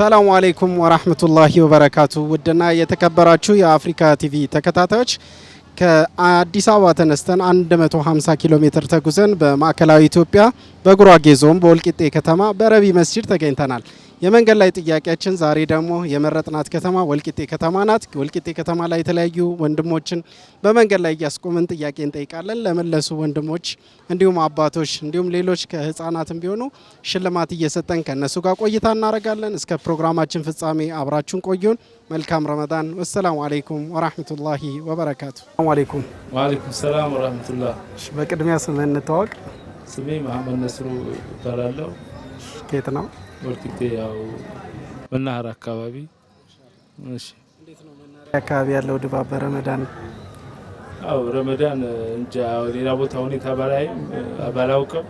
ሰላሙ አሌይኩም ወራህመቱላሂ ወበረካቱ። ውድና የተከበራችሁ የአፍሪካ ቲቪ ተከታታዮች ከአዲስ አበባ ተነስተን 150 ኪሎ ሜትር ተጉዘን በማዕከላዊ ኢትዮጵያ በጉራጌ ዞን በወልቂጤ ከተማ በረቢ መስጂድ ተገኝተናል። የመንገድ ላይ ጥያቄያችን ዛሬ ደግሞ የመረጥናት ከተማ ወልቂጤ ከተማ ናት። ወልቂጤ ከተማ ላይ የተለያዩ ወንድሞችን በመንገድ ላይ እያስቆምን ጥያቄ እንጠይቃለን። ለመለሱ ወንድሞች እንዲሁም አባቶች እንዲሁም ሌሎች ከህፃናትም ቢሆኑ ሽልማት እየሰጠን ከእነሱ ጋር ቆይታ እናደርጋለን። እስከ ፕሮግራማችን ፍጻሜ አብራችሁን ቆዩን። መልካም ረመዳን። ወሰላሙ አለይኩም ወራህመቱላሂ ወበረካቱ። ሰላም ወራህመቱላህ። በቅድሚያ ስምህን ስሜ መሀመድ ነስሩ ይባላለሁ። ኬት ነው ወልቂጤ ያው መናኸር አካባቢ። እሺ፣ አካባቢ ያለው ድባብ በረመዳን አው ረመዳን እንጃ ሌላ ቦታ ሁኔታ ባላይም ባላውቅም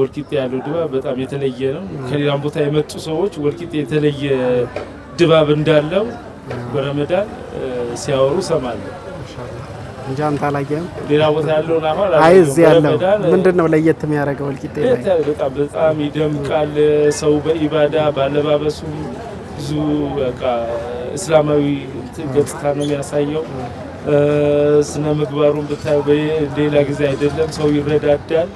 ወልቂጤ ያለው ድባብ በጣም የተለየ ነው። ከሌላም ቦታ የመጡ ሰዎች ወልቂጤ የተለየ ድባብ እንዳለው በረመዳን ሲያወሩ ሰማለሁ። ጃንታ ላይ ያም ሌላ ቦታ ያለው ናማል አይ እዚህ ያለው ምንድነው ለየት የሚያደርገው? ወልቂጤ ላይ በጣም በጣም ይደምቃል። ሰው በኢባዳ ባለባበሱ ብዙ በቃ እስላማዊ ገጽታ ነው የሚያሳየው። ስነ ምግባሩን ብታዩ ሌላ ጊዜ አይደለም። ሰው ይረዳዳል።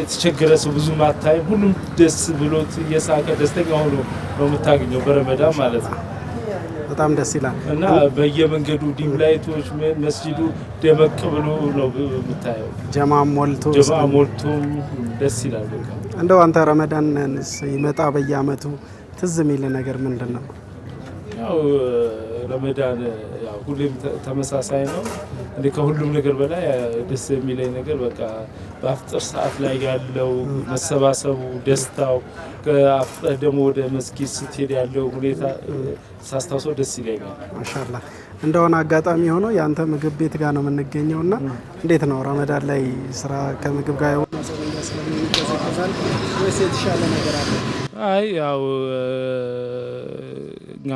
የተቸገረ ሰው ብዙ አታይም። ሁሉም ደስ ብሎት እየሳቀ ደስተኛ ሆኖ ነው የምታገኘው በረመዳን ማለት ነው። በጣም ደስ ይላል እና በየመንገዱ ዲም ላይቶች መስጂዱ ደመቅ ብሎ ነው የምታየው። ጀማ ሞልቶ ጀማ ሞልቶ ደስ ይላል። እንደው አንተ ረመዳን ይመጣ በየአመቱ ትዝ የሚል ነገር ምንድን ነው? ረመዳን ሁሌም ተመሳሳይ ነው። እንደ ከሁሉም ነገር በላይ ደስ የሚለኝ ነገር በቃ በአፍጥር ሰዓት ላይ ያለው መሰባሰቡ፣ ደስታው ከአፍጥር ደግሞ ወደ መስጊድ ስትሄድ ያለው ሁኔታ ሳስታውሰው ደስ ይለኛል። ማሻላ እንደሆነ አጋጣሚ የሆነው የአንተ ምግብ ቤት ጋር ነው የምንገኘው እና እንዴት ነው ረመዳን ላይ ስራ ከምግብ ጋር የሆነ ወይስ የተሻለ ነገር አለ? አይ ያው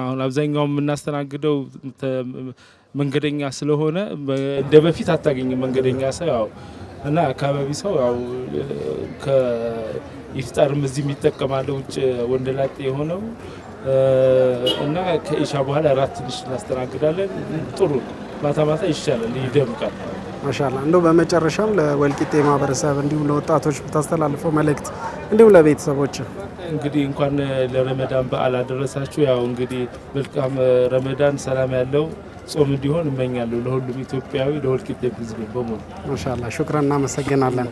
አሁን አብዛኛው የምናስተናግደው መንገደኛ ስለሆነ እንደ በፊት አታገኝም። መንገደኛ ሰው ያው እና አካባቢ ሰው ያው ከኢፍጣርም እዚህ የሚጠቀማለ ውጭ ወንደላጤ የሆነው እና ከኢሻ በኋላ እራት ትንሽ እናስተናግዳለን። ጥሩ ማታ ማታ ይሻላል፣ ይደምቃል። ማሻላ እንደው በመጨረሻም ለወልቂጤ ማህበረሰብ እንዲሁም ለወጣቶች ብታስተላልፈው መልእክት እንዲሁም ለቤተሰቦች እንግዲህ እንኳን ለረመዳን በዓል አደረሳችሁ። ያው እንግዲህ መልካም ረመዳን፣ ሰላም ያለው ጾም እንዲሆን እመኛለሁ ለሁሉም ኢትዮጵያዊ፣ ለወልቂጤ ህዝብ በሙሉ ማሻላ። ሹክራን፣ እናመሰግናለን።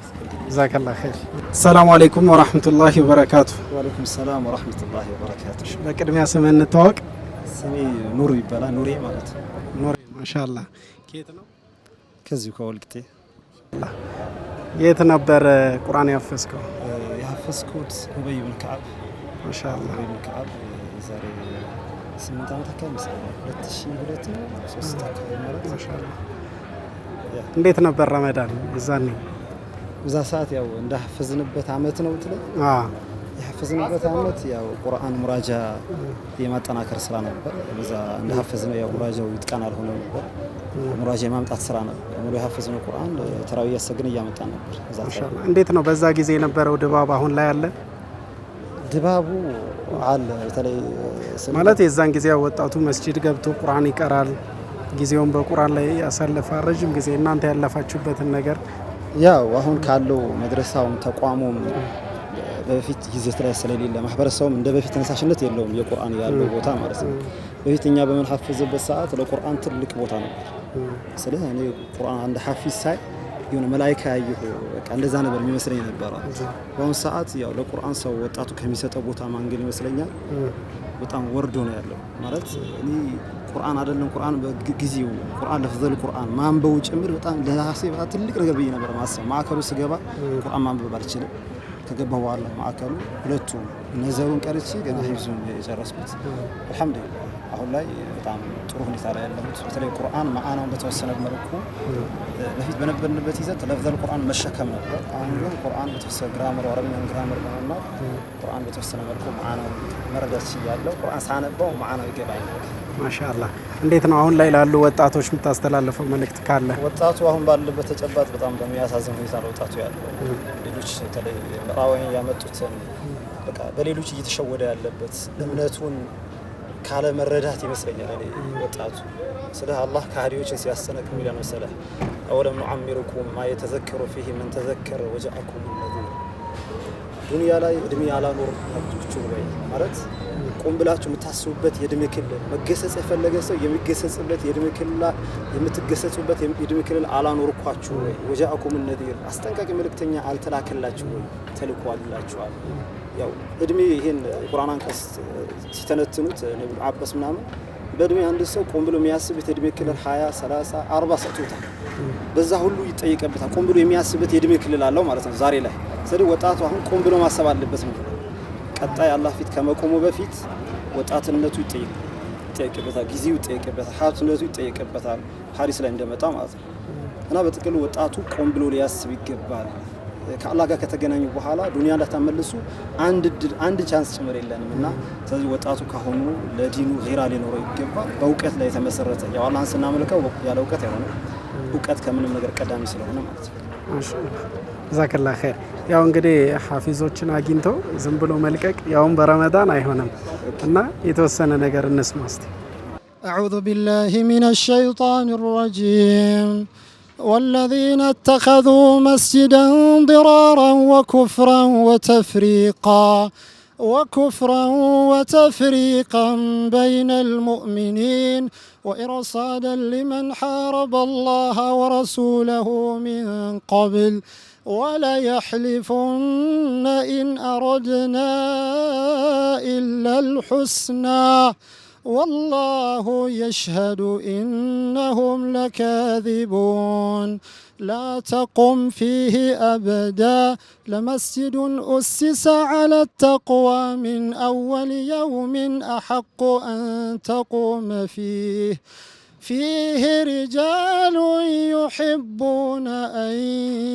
ዛከላ ኸይር። ሰላሙ አለይኩም ወራህመቱላሂ ወበረካቱ። ወአለይኩም ሰላም ወራህመቱላሂ ወበረካቱ። በቅድሚያ ስም እንታወቅ። ስሜ ኑር ይባላል። ኑሬ ማለት ነው። ኑሬ ማሻላ። ከየት ነው? ከዚሁ ከወልቂጤ። የት ነበር ቁርአን ያፈስከው? ያፈስኩት ኡበይ ብን ከዓብ ማሻአላህ። ኡበይ ብን ዛሬ ስምንት ዓመት አካባቢ ይመስለኛል፣ ሁለት ሺህ ሁለት ሶስት አካባቢ ማለት ማሻአላህ። እንዴት ነበር ረመዳን? እዛ እዛ ሰዓት ያው እንዳፈዝንበት አመት ነው ትለ የሐፈዝንበት አመት ያው ቁርአን ሙራጃ የማጠናከር ስራ ነበር። እዛ እንደ ሐፈዝነው ያው ሙራጃው ይጥቀን አልሆነ ነበር። ሙራጃ የማምጣት ስራ ነበር። ሙሉ የሐፈዝነው ቁርአን ተራዊ እያሰግን እያመጣ ነበር። እንዴት ነው በዛ ጊዜ የነበረው ድባብ አሁን ላይ አለ? ድባቡ አለ። በተለይ ማለት የዛን ጊዜ ወጣቱ መስጂድ ገብቶ ቁርአን ይቀራል፣ ጊዜውን በቁርአን ላይ ያሳልፋል። ረዥም ጊዜ እናንተ ያለፋችሁበትን ነገር ያው አሁን ካለው መድረሳውም ተቋሙም በፊት ይዘት ላይ ስለሌለ ማህበረሰቡም እንደ በፊት ተነሳሽነት የለውም። የቁርአን ያለው ቦታ ማለት ነው። በፊት እኛ በምንሐፍዝበት ሰዓት ለቁርአን ትልቅ ቦታ ነበር። ስለዚህ እኔ ቁርአን አንድ ሐፊዝ ሳይ የሆነ መላይካ ያየሁ በቃ እንደዛ ነበር የሚመስለኝ ነበረ። በአሁኑ ሰዓት ያው ለቁርአን ሰው ወጣቱ ከሚሰጠው ቦታ ማንገል ይመስለኛል በጣም ወርዶ ነው ያለው ማለት እኔ ቁርአን አይደለም ቁርአን በጊዜው ቁርአን ለፍዘል ቁርአን ማንበቡ ጭምር በጣም ለራሴ ትልቅ ነገር ብዬ ነበር ማሰብ ማዕከሉ ስገባ ቁርአን ማንበብ አልችልም ከገባ በኋላ ማዕከሉ ሁለቱ ነዘሩን ቀርቼ ገና ሂብዙን የጨረስኩት አልሐምዱሊላ አሁን ላይ በጣም ጥሩ ሁኔታ ላይ ያለሁት በተለይ ቁርአን ማዕናውን በተወሰነ መልኩ በፊት በነበርንበት ይዘት ለፍዘል ቁርአን መሸከም ነበር። አሁን ግን ቁርአን በተወሰነ ግራመር አረብኛን ግራመር በመማር ቁርአን በተወሰነ መልኩ ማዕናው መረዳት ችያለሁ። ቁርአን ሳነባው ማዕናው ይገባኝ። ማሻአላ እንዴት ነው አሁን ላይ ላሉ ወጣቶች የምታስተላልፈው መልእክት ካለ? ወጣቱ አሁን ባለበት ተጨባጭ በጣም በሚያሳዝን ሁኔታ ነው ወጣቱ ያለው። ሌሎች በተለይ ምዕራባውያን ያመጡትን በሌሎች እየተሸወደ ያለበት እምነቱን ካለመረዳት ይመስለኛል። እኔ ወጣቱ ስለ አላህ ከሃዲዎችን ሲያስጠነቅቅ የሚለን መሰለህ አወለም ኑዓሚርኩም ማ የተዘከሩ ፊህ ምን ተዘከረ ወጃአኩም ነዚር። ዱንያ ላይ እድሜ አላኖር ናችሁ ወይ ማለት ቆም ብላችሁ የምታስቡበት የእድሜ ክልል መገሰጽ የፈለገ ሰው የሚገሰጽበት የእድሜ ክልል የምትገሰጹበት የእድሜ ክልል አላኖርኳችሁ ወይ? ወጃአኩም ነዲር አስጠንቃቂ መልእክተኛ አልተላከላችሁ ወይ? ተልኳላችኋል። ያው እድሜ ይህን ቁርአን አንቀጽ ሲተነትኑት ነብዩ አባስ ምናምን በእድሜ አንድ ሰው ቆም ብሎ የሚያስብበት የእድሜ ክልል 20፣ 30፣ 40 ሰጥቶታል። በዛ ሁሉ ይጠይቀበታል። ቆም ብሎ የሚያስብበት የእድሜ ክልል አለው ማለት ነው ዛሬ ላይ። ስለዚህ ወጣቱ አሁን ቆም ብሎ ማሰብ አለበት ነው ቀጣይ አላህ ፊት ከመቆሙ በፊት ወጣትነቱ ይጠየቅበታል፣ ጊዜው ይጠየቅበታል፣ ሀብትነቱ ይጠየቅበታል። ሀሪስ ላይ እንደመጣ ማለት ነው። እና በጥቅሉ ወጣቱ ቆም ብሎ ሊያስብ ይገባል። ከአላህ ጋር ከተገናኙ በኋላ ዱኒያ እንዳታመልሱ አንድ ቻንስ ጭምር የለንም እና ስለዚህ ወጣቱ ካሁኑ ለዲኑ ራ ሊኖረው ይገባል። በእውቀት ላይ የተመሰረተ ያው አላህን ስናመልከው ያለ እውቀት አይሆንም። እውቀት ከምንም ነገር ቀዳሚ ስለሆነ ማለት ነው። ዛክላ ኸይር። ያው እንግዲህ ሀፊዞችን አግኝቶ ዝም ብሎ መልቀቅ ያውም በረመዳን አይሆንም እና የተወሰነ ነገር እንስማ እስቲ። አዑዙ ቢላሂ ሚነ ሸይጣን ረጂም ወለዚነ ተኸዙ መስጂደን ዲራራን ወኩፍራን ወተፍሪቃ وكفرا وتفريقا بين المؤمنين وإرصادا لمن حارب الله ورسوله من قبل وليحلفن إن أردنا إلا الحسنى والله يشهد إنهم لكاذبون لا تقم فيه أبدا لمسجد أسس على التقوى من أول يوم أحق أن تقوم فيه فيه رجال يحبون أن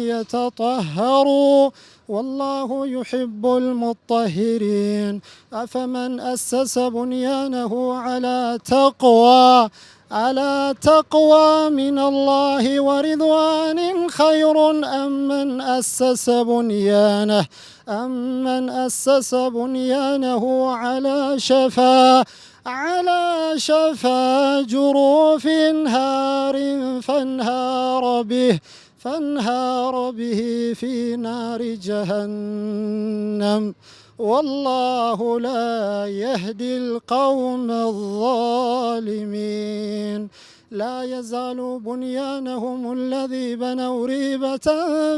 يتطهروا والله يحب المطهرين أفمن أسس بنيانه على تقوى على تقوى من الله ورضوان خير أم من أسس بنيانه أم من أسس بنيانه على شفا على شفا جروف هار فانهار به فانهار به في نار جهنم والله لا يهدي القوم الظالمين لا يزال بنيانهم الذي بنوا ريبة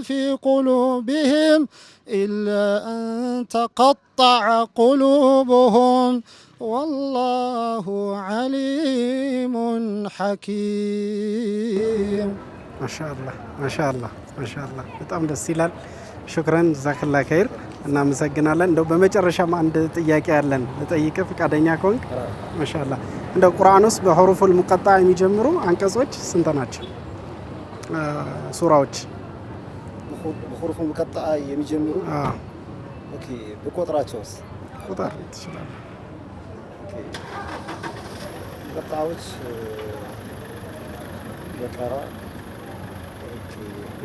في قلوبهم إلا أن تقطع قلوبهم والله عليم حكيم ما شاء الله ما شاء الله ما شاء الله بتأمل السلال ሹክረን ዛክላ ከይር እናመሰግናለን። እንደው በመጨረሻም አንድ ጥያቄ ያለን ልጠይቅ ፈቃደኛ ከሆንክ ማሻላ። እንደ ቁርአን ውስጥ በሁሩፉል ሙቀጣ የሚጀምሩ አንቀጾች ስንት ናቸው? ሱራዎች በሁሩፉል ሙቀጣ የሚጀምሩ ኦኬ፣ ብቆጥራቸውስ? ቁጥር ትችላለህ? ኦኬ፣ ሙቀጣዎች በቀራ ኦኬ፣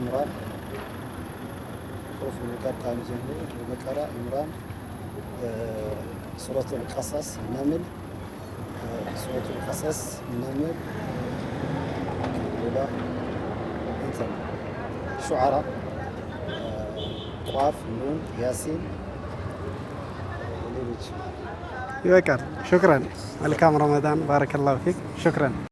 ኢምራን صوف القرقان الجهمي البقرة عمران سورة القصص النمل سورة القصص النمل شعراء قاف نون ياسين يذكر شكرا الكام رمضان بارك الله فيك شكرا